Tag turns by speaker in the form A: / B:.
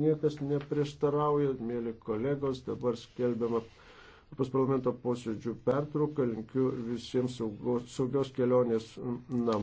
A: niekas neprieštarauja, mėly kolegos, dabar skelbiama pas parlamento posėdžių pertrauką, linkiu visiems saugos, saugios kelionės namo.